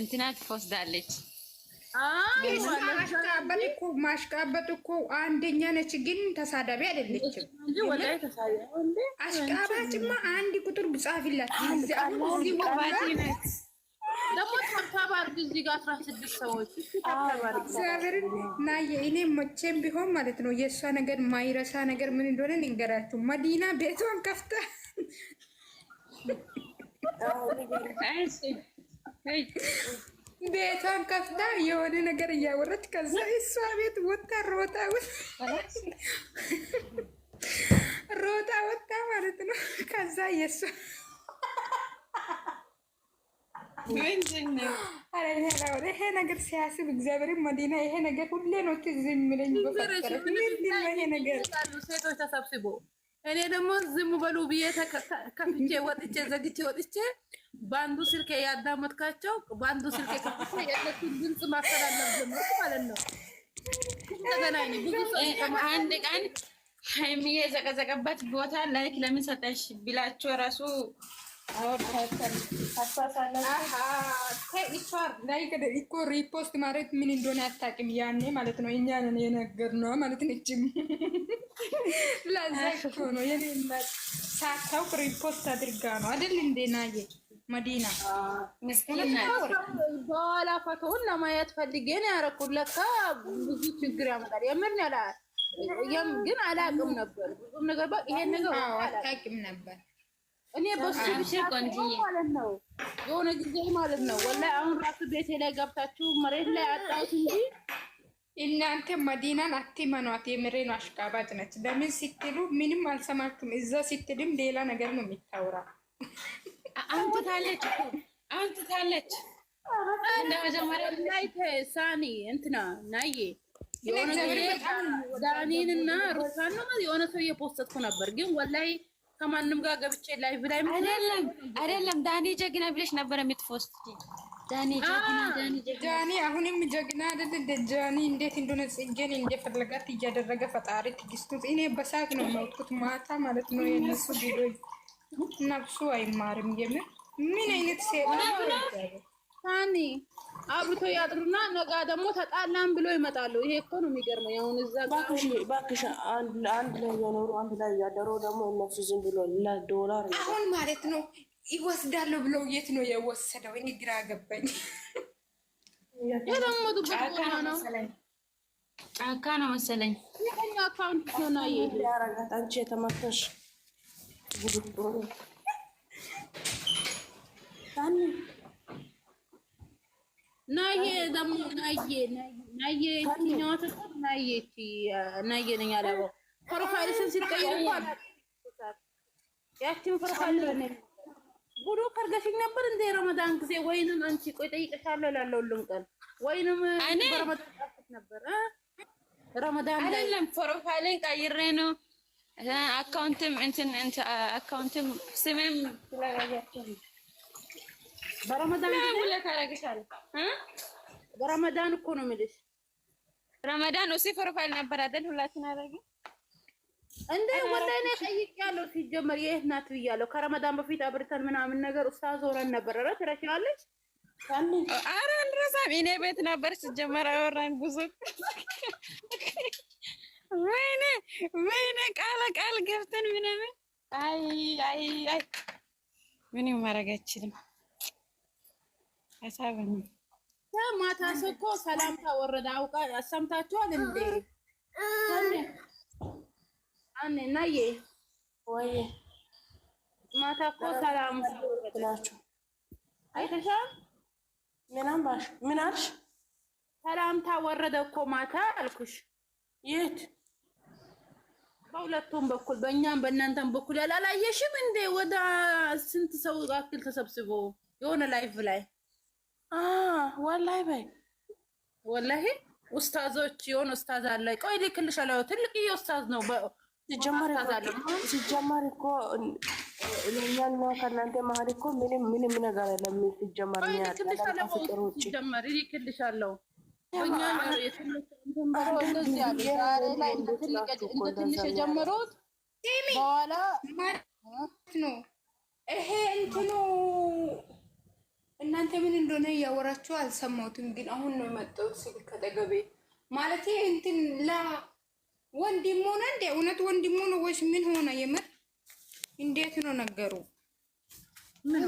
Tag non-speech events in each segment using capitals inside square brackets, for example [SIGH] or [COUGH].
እንትናት ትወስዳለች። ማሽቃበጥ እኮ አንደኛ ነች፣ ግን ተሳዳቢ አይደለችም። አሽቃባጭማ አንድ ቁጥር ብጻፊላት ደግሞ ተብታብ እዚህ ጋር አስራ ስድስት ሰዎች እግዚአብሔርን መቼም ቢሆን ማለት ነው የእሷ ነገር ማይረሳ ነገር ምን እንደሆነ ንገራችሁ። መዲና ቤቷን ከፍታ ቤቷን ከፍታ የሆነ ነገር እያወረች ከዛ እሷ ቤት ወጣ ሮጣ ሮጣ ወጣ ማለት ነው። ከዛ የእሷ ይሄ ነገር ሲያስብ እግዚአብሔር መዲና ይሄ ነገር ሁሌ ነው ትዝ የሚለኝ ይሄ ነገር ሴቶች ተሰብስቦ እኔ ደግሞ ዝም በሉ ብዬ ከፍቼ ወጥቼ ዘግቼ ወጥቼ በአንዱ ስልኬ ያዳመጥካቸው በአንዱ ስልኬ ከፍቼ የእነሱን ድምፅ ማስተላለፍ ጀመርኩ ማለት ነው። ተገናኝ ብዙ አንድ ቀን ሀይሚዬ የዘቀዘቀበት ቦታ ላይክ ለምን ሰጠሽ ቢላቸው ራሱ እኮ ሪፖስት ማለት ምን እንደሆነ አታውቅም። ያኔ ማለት ነው እኛ ነን የነገርነው ማለት ነው። ለዛ እኮ ነው ሳታውቅ ሪፖስት አድርጋ ነው አይደል? እንደ ናየ መዲና በኋላ ፈቶውን ለማየት ፈልጌ ነው ያደረኩት። ለካ ብዙ ችግር ያመጣል። የምር ነው ግን አላውቅም ነበር ብዙም ነገር ይሄን ነገር አላውቅም ነበር እኔ በሱ ብቻ ማለት ነው የሆነ ጊዜ ማለት ነው ወላሂ አሁን ራሱ ቤቴ ላይ ገብታችሁ መሬት ላይ አጣሁት እንጂ እናንተ መዲናን አትመኗት። የምሬ ነው፣ አሽቃባጭ ነች። ለምን ስትሉ ምንም አልሰማችሁም። እዛ ስትልም ሌላ ነገር ነው የሚታወራ። አንትታለች አንትታለች። ሳኒ እንትና ናዬ የሆነ ዳኒንና ሩሳን ነው የሆነ ሰው እየፖስተትኩ ነበር ግን ወላይ ከማንም ጋር ገብቼ ላይቭ ላይ አይደለም አይደለም። ዳኒ ጀግና ብለሽ ነበር የምትፎስት ዳኒ ጀግና ዳኒ ጀግና ዳኒ አሁንም ጀግና አይደል እንደ ጃኒ እንዴት እንደሆነ ጽጌን እንደፈለጋት እያደረገ ፈጣሪ ትግስቱን። እኔ በሳቅ ነው የማውጥኩት ማታ ማለት ነው። የነሱ ቪዲዮ ነፍሱ አይማርም። የምር ምን አይነት ሴት ነው ዳኒ አብርቶ ያጥሩና ነጋ ደግሞ ተጣላን ብሎ ይመጣሉ። ይሄ እኮ ነው የሚገርመው። ያሁን እዛ ባክሽ ባክሽ አንድ ላይ የኖሩ አንድ ላይ ያደረው ደግሞ እነሱ ዝም ብሎ ለዶላር አሁን ማለት ነው ይወስዳለሁ ብሎ የት ነው የወሰደው? እኔ ግራ ገባኝ። የደሞቱ ነው ጫካ ነው መሰለኝ። ይሄኛ አካውንት ሆና ይሄዳረጋት አንቺ የተመተሽ ታኒ ናዬ ደግሞ ናዬ ናዬ የትኛዋ ተሰብ ናዬ ናዬ ነኝ አላወቅም። ፕሮፋይልሽን ሲቀየር እንኳን ያቺን ፕሮፋይል ጉዱ ከርገሽኝ ነበር እንደ ረመዳን ጊዜ ወይንም አንቺ ቆይ ጠይቀሻለሁ እላለሁ ልንቀል ወይንም በረመዳን ነበር ረመዳን አይደለም ፕሮፋይልን ቀይሬ ነው አካውንትም እንትን አካውንትም ስሜም ስለያያቸው በረመዳን እኮ ነው የምልሽ። ረመዳን ነው ፕሮፋይል ነበር አይደል? ሁላችን አደረግን እንደ ወላሂ እኔ ጠይቄያለሁ። ሲጀመር የት ናት ብያለሁ። ከረመዳን በፊት አብርተን ምናምን ነገር ኡስታዝ ዞረን ነበር። ኧረ ትረሻለች። ኧረ አንረሳም። እኔ ቤት ነበር ሲጀመር አወራን ብዙ። ወይኔ ወይኔ፣ ቃለ ቃል ገብተን ምናምን። አይ አይ አይ ምንም ማድረግ አይችልም። ማታ እኮ ሰላምታ ወረደ። አውቃ አሰምታችኋል እንዴ? አኔ ናዬ ወይ ማታ እኮ ሰላምታ ወረደላችሁ። አይተሻል? ምን አልሽ? ሰላምታ ወረደ እኮ ማታ አልኩሽ። የት በሁለቱም በኩል በእኛም በእናንተም በኩል ያላላየሽም እንዴ? ወደ ስንት ሰው አክል ተሰብስቦ የሆነ ላይፍ ላይ ወላሂ በይ ወላሂ ኡስታዞች የሆነ ኡስታዝ አለ። ቆይ ልክልሻለሁ። ትልቅዬ ኡስታዝ ነው። ሲጀመር እኮ እኛና ከእናንተ መሀል እኮ ምንም ምንም ነገር የለም። ሲጀመር ሲጀመር ልክልሻለሁ። ትንሽ የጀመሩት በኋላ ነው ይሄ እንትኑ እናንተ ምን እንደሆነ እያወራችሁ አልሰማሁትም፣ ግን አሁን ነው የመጣሁት ስል ከጠገቤ ማለት እንትን ላ ወንድም ነው እንዴ? እውነት ወንድም ነው ወይስ ምን ሆነ? የምር እንዴት ነው ነገሩ? ምን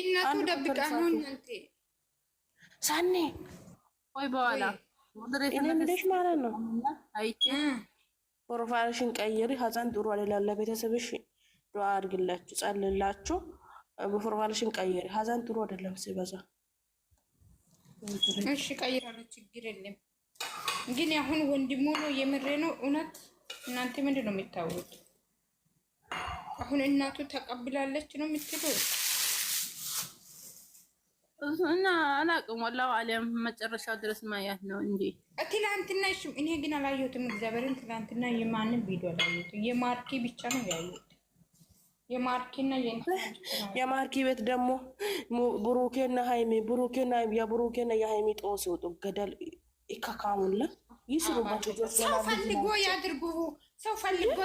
እናቱ ደብቃ ነው እናንተ ሳኔ ወይ በኋላ እኔ ምልሽ ማለት ነው። አይቼ ፕሮፋይልሽን ቀይሪ። ሀዘን ጥሩ አይደለም። ለቤተሰብሽ ዱዓ አድርግላችሁ ጸልላችሁ። ፕሮፋይልሽን ቀይሪ። ሀዘን ጥሩ አይደለም ሲበዛ። እሺ ቀይራለሁ፣ ችግር የለም። ግን አሁን ወንድሙ ነው የምሬ ነው እውነት። እናንተ ምንድን ነው የምታወሩት? አሁን እናቱ ተቀብላለች ነው የምትሉት? እና አላቅም ወላሁ አለም መጨረሻው ድረስ ማያት ነው እንጂ ትላንትና። እሺም እኔ ግን አላየሁትም። እግዚአብሔርን ትላንትና የማንም ቪዲዮ አላየሁትም። የማርኪ ብቻ ነው ያየሁት። የማርኪና የማርኪ ቤት ደግሞ ብሩኬና ሃይሚ ብሩኬና የብሩኬና የሃይሚ ጦስ ሲወጡ ገደል ይከካሙላ ይስሩበት። ሰው ፈልጎ ያድርጉ። ሰው ፈልጎ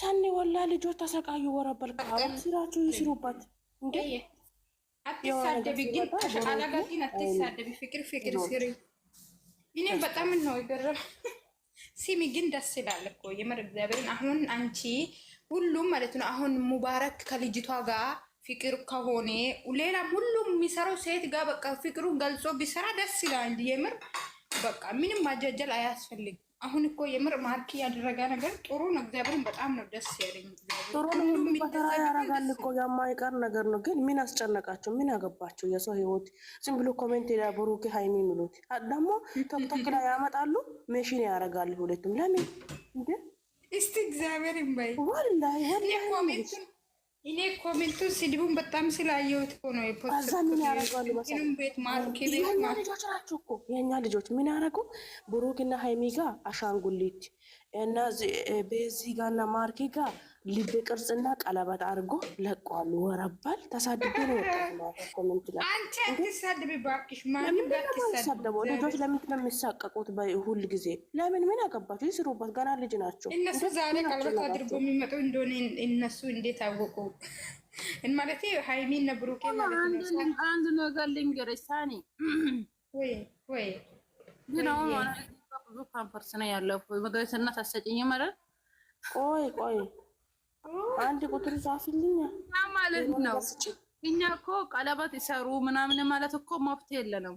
ሰኒ ወላ ልጆች ተሰቃዩ። ወረበል ስራቸው ይስሩበት እንዴ አትሳደቢ ግን ከሻላ ጋር ግን አትሳደቢ። ፍቅር ፍቅር ስሪ። እኔም በጣም ነው ይገርም። [LAUGHS] ሲሚ ግን ደስ ይላል እኮ የምር እግዚአብሔርን። አሁን አንቺ ሁሉም ማለት ነው አሁን ሙባረክ ከልጅቷ ጋር ፍቅር ከሆነ ሌላም ሁሉም የሚሰራው ሴት ጋር በቃ ፍቅሩን ገልጾ ቢሰራ ደስ ይላል የምር በቃ ምንም ማጃጀል አያስፈልግም። አሁን እኮ የምር ማርኪ ያደረገ ነገር ጥሩ ነው። እግዚአብሔርን በጣም ነው ደስ ያለኝ። ጥሩ ነው ሁሉ በተራ ያረጋል እኮ የማይቀር ነገር ነው። ግን ምን አስጨነቃቸው? ምን አገባቸው? የሰው ህይወት ዝም ብሎ ኮሜንት ብሩክ ሀይሚ የሚሉት ደግሞ ቶክቶክ ላይ ያመጣሉ፣ ሜሽን ያረጋል ሁለቱም። ለምን እንደ እስቲ እግዚአብሔርን በይ ወላሂ ወላሂ እኔ ኮሜንቱ ስድቡን በጣም ስላየሁት ነው። ከዛ ምን ያደርጋሉ መሰለኝ ልጆች ናቸው እኮ የእኛ ልጆች ምን ያደረጉ ብሩክና ሀይሚ ጋ አሻንጉሊት እና ቤዚ ጋና ማርኬ ጋ ልብ ቅርጽና ቀለበት አድርጎ ለቋል። ወረባል ተሳድቦ ነው ወጣት ኮሜንት ላይ ልጆች ነው የሚሳቀቁት? ሁል ጊዜ ለምን ምን አገባቸው? ይስሩበት። ገና ልጅ ናቸው እነሱ። ዛሬ ቀለበት አድርጎ የሚመጡ እንደሆነ እነሱ እንዴት አወቁ? ማለት ሀይሚን ነብሩኬ አንድ ነገር ልንገርሽ ሳኒ ግን ብዙ ነው ያለው ታሰጭኝ ቆይ ቆይ አንድ ቁጥር ጻፍልኝ ማለት ነው። እኛ እኮ ቀለበት ይሰሩ ምናምን ማለት እኮ መብት የለንም።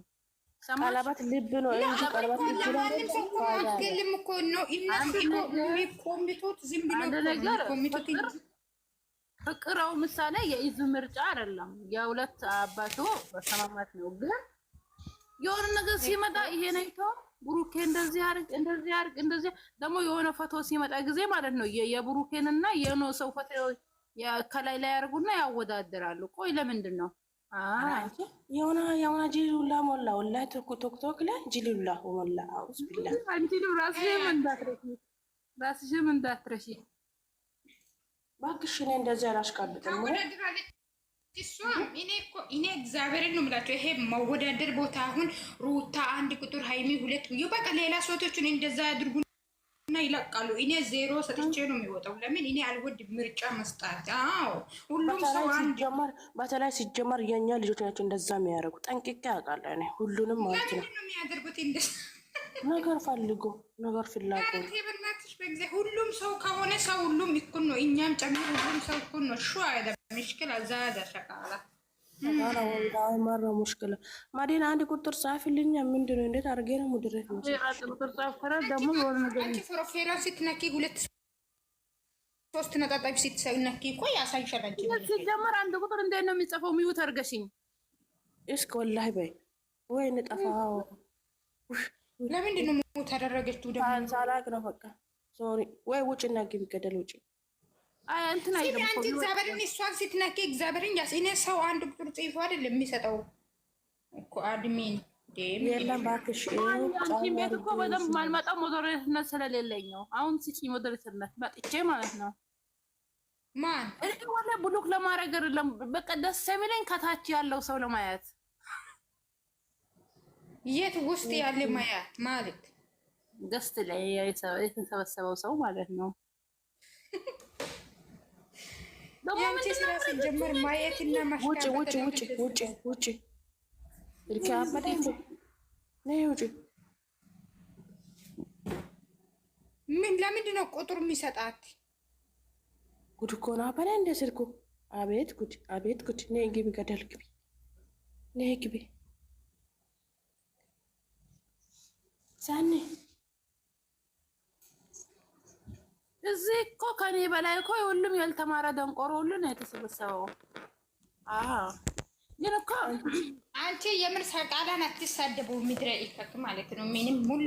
ቀለበት ልብ ነው እንጂ ቀለበት አትገልም እኮ ነው። ፍቅረው ምሳሌ የኢዙ ምርጫ አይደለም፣ የሁለት አባቶ በሰማማት ነው። ግን የሆነ ነገር ሲመጣ ይሄን አይተው ብሩኬ እንደዚህ አርግ እንደዚህ አርግ እንደዚህ ደግሞ የሆነ ፎቶ ሲመጣ ጊዜ ማለት ነው እና የኖ ሰው ፎቶ ከላይ ላይ ያርጉና ያወዳድራሉ። ቆይ ለምንድን ነው የሆነ የሆነ ጅሉላ ሞላ ወላሂ ቶክቶክ ላይ ጅሉላ ሞላ አውዝብላ አንቲሉ ራስሽም እንዳትረሺ ራስሽም እንዳትረሺ ባክሽኔ እንደዚህ አላሽቃብጥም እሷ እኔ እኮ እኔ እግዚአብሔርን ነው የምላቸው። ይሄ መወዳደር ቦታ አሁን ሩታ አንድ ቁጥር ሀይሚ ሁለት ብዬ በቃ ሌላ ሴቶችን እንደዛ ያድርጉና ይለቃሉ። እኔ ዜሮ ሰጥቼ ነው የሚወጣው። ለምን እኔ አልወድ ምርጫ መስጣት። አዎ ሁሉም ሰው አንድ በተለይ ሲጀመር የኛ ልጆች ናቸው እንደዛ የሚያደርጉ ጠንቅቄ ያውቃለሁ። እኔ ሁሉንም ማለት ነው የሚያደርጉት ነገር ፈልጎ ነገር ፍላጎ በጊዜ ሁሉም ሰው ከሆነ ሰው ሁሉም እኩል ነው። እኛም ጨምር ሁሉም ሰው እኩል ነው። እሹ አይደ ምሽክል አዛደ ሸቃላ ሙሽክል ማዲና አንድ ቁጥር ጻፍልኝ። ምንድን ነው እንዴት አድርጌ ነው ሙድረት ነው ስትነኪ ሁለት ሶስት ነጣጣቢ ስትነኪ እኮ ያሳይሻላል። ሲጀመር አንድ ቁጥር እንዴት ነው የሚጽፈው? ሚዩት አርገሽኝ እስክ ወላሂ በይ ወይ ንጠፋ። ለምንድን ነው ሙት ያደረገችው? ደግሞ ሳላቅ ነው በቃ ሶሪ ወይ ውጭ እና ግቢ ገደል ውጭ እንትን አይደለም። አንቺ እግዚአብሔርን እሷን ስትነኪ እግዚአብሔርን ያስ እኔ ሰው አንድ ቁጥር ጽፎ አይደለም የሚሰጠው እኮ አድሚን የለም እባክሽ። ቤት እኮ በደንብ ማልመጣው ሞዴሬትነት ስለሌለኝ ነው። አሁን ስጪ ሞዴሬትነት መጥቼ ማለት ነው። ማን እኔ ወለ ብሎክ ለማድረግ አይደለም በቃ ደስ የሚለኝ ከታች ያለው ሰው ለማየት የት ውስጥ ያለ ማያት ማለት ገስት ላይ የተሰበሰበው ሰው ማለት ነው። ስጀምር ማየትና ምን ለምንድን ነው ቁጥር የሚሰጣት? ጉድ እኮ ነው። አበላ እንደ ስልኩ አቤት ጉድ፣ አቤት ጉድ። ነይ ግቢ፣ ገደል ግቢ፣ ነይ ግቢ ሳኔ እዚህ እኮ ከኔ በላይ እኮ ሁሉም ያልተማረ ደንቆሮ ሁሉ ነው የተሰበሰበው። ግን እኮ አንቺ የምን ሰቃላን አትሳደቡ ምድረ ይፈክ ማለት ነው ምንም ሙሉ